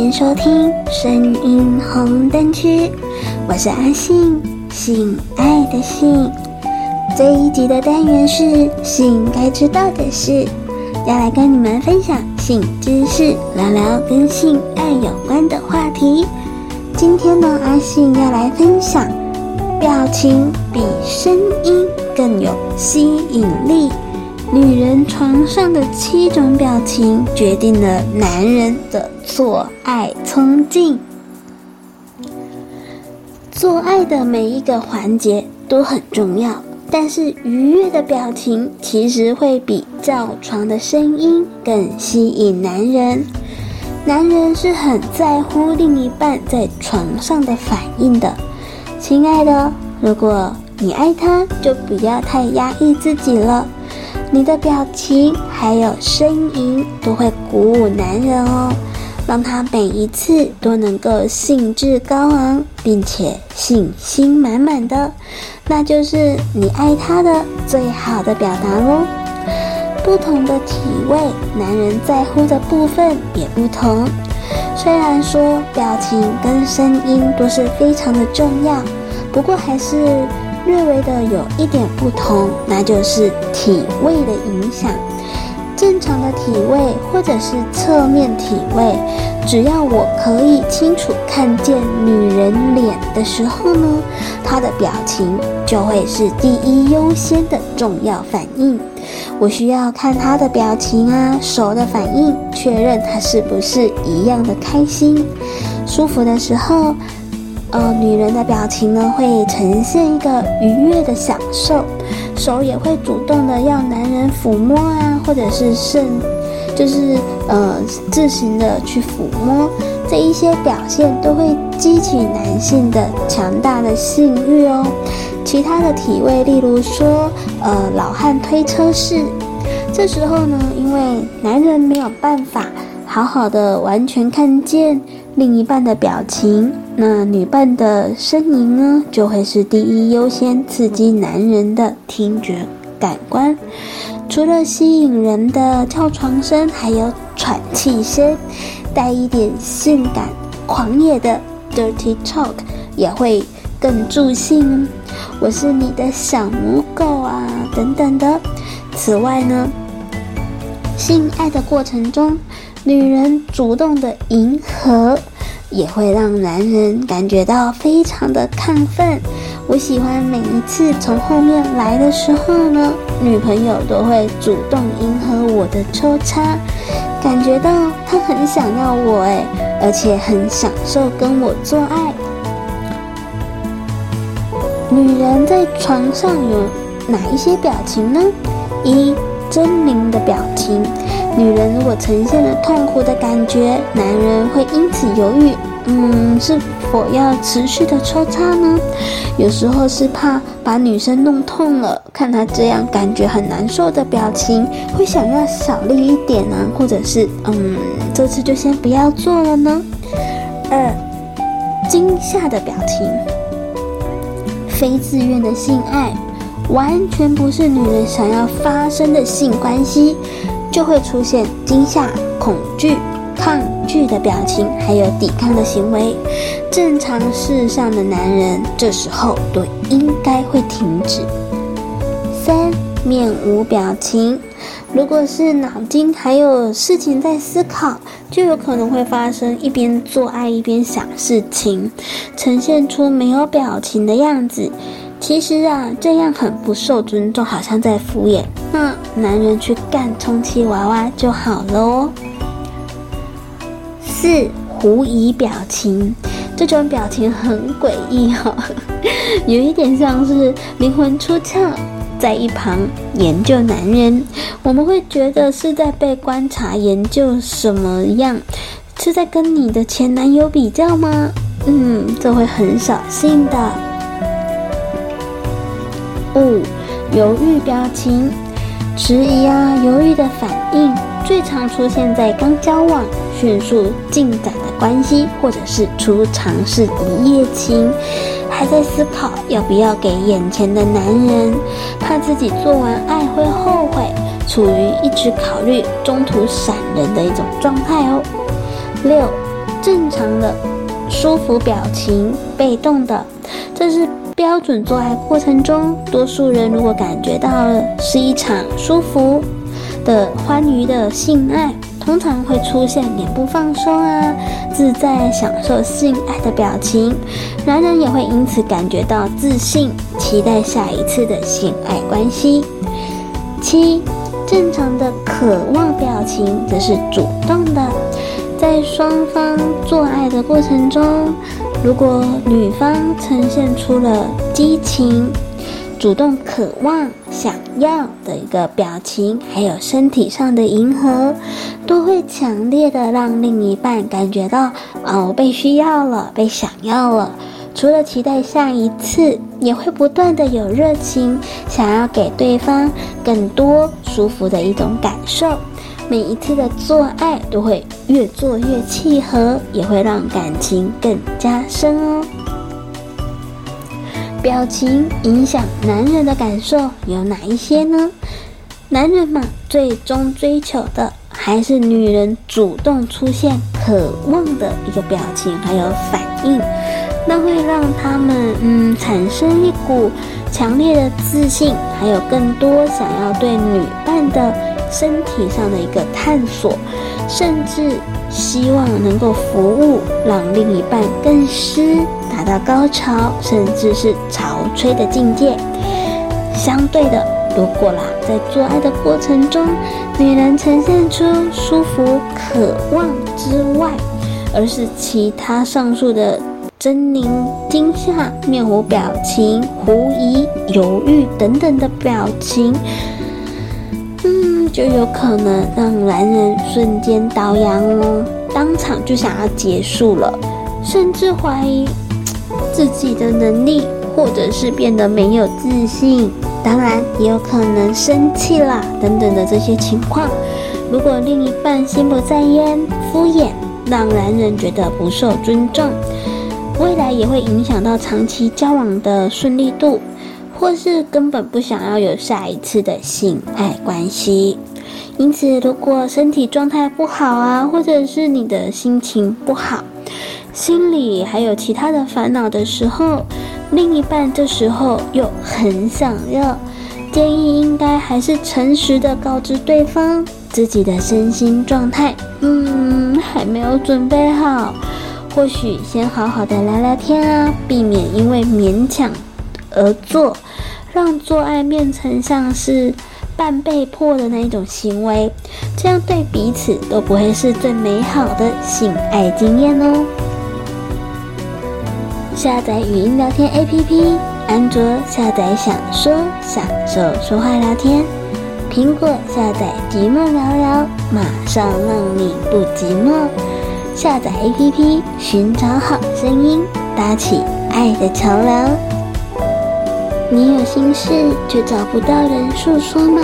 歡迎收聽聲音紅燈區，我是阿信，性愛的性。這一集的單元是性該知道的事，要來跟你們分享性知識，聊聊跟性愛有關的話題。今天呢，阿信要來分享，表情比聲音更有吸引力。女人床上的七種表情，決定了男人的做愛衝勁。做愛的每一個環節都很重要，但是愉悅的表情其實會比叫床的聲音更吸引男人。男人是很在乎另一半在床上的反應的，親愛的，如果你愛他，就不要太壓抑自己了。你的表情，還有聲音都會鼓舞男人哦，讓他每一次都能夠興致高昂，並且信心滿滿的，那就是你愛他的最好的表達嘍。不同的體位，男人在乎的部分也不同。雖然說表情跟聲音都是非常的重要，不過還是。略微的有一點不同，那就是體位的影響。正常的體位或者是側面體位，只要我可以清楚看見女人臉的時候呢，她的表情就會是第一優先的重要反應。我需要看她的表情啊，手的反應，確認她是不是一樣的開心、舒服的時候。呃，女人的表情呢，會呈現一個愉悅的享受，手也會主動的要男人撫摸啊，或者是甚，就是呃自行的去撫摸，這一些表現都會激起男性的強大的性慾哦。其他的體位，例如說呃老漢推車式，這時候呢，因為男人沒有辦法。好好的完全看見另一半的表情，那女伴的聲音呢，就會是第一優先刺激男人的聽覺感官。除了吸引人的跳床聲，還有喘氣聲，帶一點性感、狂野的 dirty talk 也會更助興。我是你的小母狗啊，等等的。此外呢，性愛的過程中。女人主動的迎合，也會讓男人感覺到非常的亢奮。我喜歡每一次從後面來的時候呢，女朋友都會主動迎合我的抽插，感覺到她很想要我哎，而且很享受跟我做愛。女人在床上有哪一些表情呢？一、猙獰的表情。女人如果呈現了痛苦的感覺，男人會因此猶豫，嗯，是否要持續的抽插呢？有時候是怕把女生弄痛了，看她這樣感覺很難受的表情，會想要小力一點呢，啊，或者是嗯，這次就先不要做了呢。二、呃，驚嚇的表情，非自願的性愛，完全不是女人想要發生的性關係。就會出現驚嚇、恐懼、抗拒的表情，還有抵抗的行為。正常世上的男人，這時候都應該會停止。三、面無表情，如果是腦筋還有事情在思考，就有可能會發生一邊做愛一邊想事情，呈現出沒有表情的樣子。其實啊，這樣很不受尊重，好像在敷衍。那、嗯、男人去幹充氣娃娃就好了哦。四、狐疑表情，這種表情很詭異哈、哦，有一點像是靈魂出竅，在一旁研究男人。我們會覺得是在被觀察、研究什麼樣，是在跟你的前男友比較嗎？嗯，這會很掃興的。五，猶豫表情，遲疑啊，猶豫的反應最常出現在剛交往、迅速進展的關係，或者是初嘗試一夜情，還在思考要不要給眼前的男人，怕自己做完愛會後悔，處於一直考慮、中途閃人的一種狀態哦。六，正常的，舒服表情，被動的，這是。標準做愛過程中，多數人如果感覺到了是一場舒服的、歡愉的性愛，通常會出現臉部放鬆啊、自在享受性愛的表情，男人也會因此感覺到自信，期待下一次的性愛關係。七，正常的渴望表情則是主動的，在雙方做愛的過程中。如果女方呈現出了激情、主動、渴望、想要的一個表情，還有身體上的迎合，都會強烈的讓另一半感覺到，哦，被需要了，被想要了。除了期待下一次，也會不斷的有熱情，想要給對方更多舒服的一種感受。每一次的做愛都會越做越契合，也會讓感情更加深哦。表情影響男人的感受有哪一些呢？男人嘛，最終追求的還是女人主動出現、渴望的一個表情，還有反應，那會讓他們嗯產生一股強烈的自信，還有更多想要對女伴的。身體上的一個探索，甚至希望能夠服務，讓另一半更濕，達到高潮，甚至是潮吹的境界。相對的，如果啦，在做愛的過程中，女人呈現出舒服、渴望之外，而是其他上述的猙獰、驚嚇、面無表情、狐疑、猶豫等等的表情。就有可能讓男人瞬間倒陽哦，當場就想要結束了，甚至懷疑自己的能力，或者是變得沒有自信。當然，也有可能生氣啦，等等的這些情況。如果另一半心不在焉、敷衍，讓男人覺得不受尊重，未來也會影響到長期交往的順利度。或是根本不想要有下一次的性愛關係，因此如果身體狀態不好啊，或者是你的心情不好，心裡還有其他的煩惱的時候，另一半這時候又很想要，建議應該還是誠實的告知對方自己的身心狀態。嗯，還沒有準備好，或許先好好的聊聊天啊，避免因為勉強。而做，讓做愛變成像是半被迫的那一種行為，這樣對彼此都不會是最美好的性愛經驗哦。下載語音聊天 APP，安卓下載“享說享受說話聊天”，蘋果下載“寂寞聊聊”，馬上讓你不寂寞。下載 APP，尋找好聲音，搭起愛的橋樑。你有心事卻找不到人訴說嗎？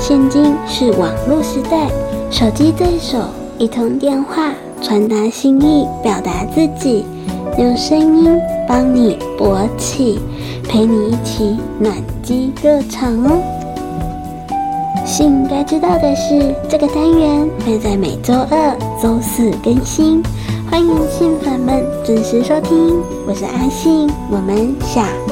現今是網絡時代，手機在手，一通電話傳達心意，表達自己，用聲音幫你勃起，陪你一起暖機熱場哦。性該知道的事，這個單元會在每周二、周四更新，歡迎性粉們準時收聽。我是阿信，我們下。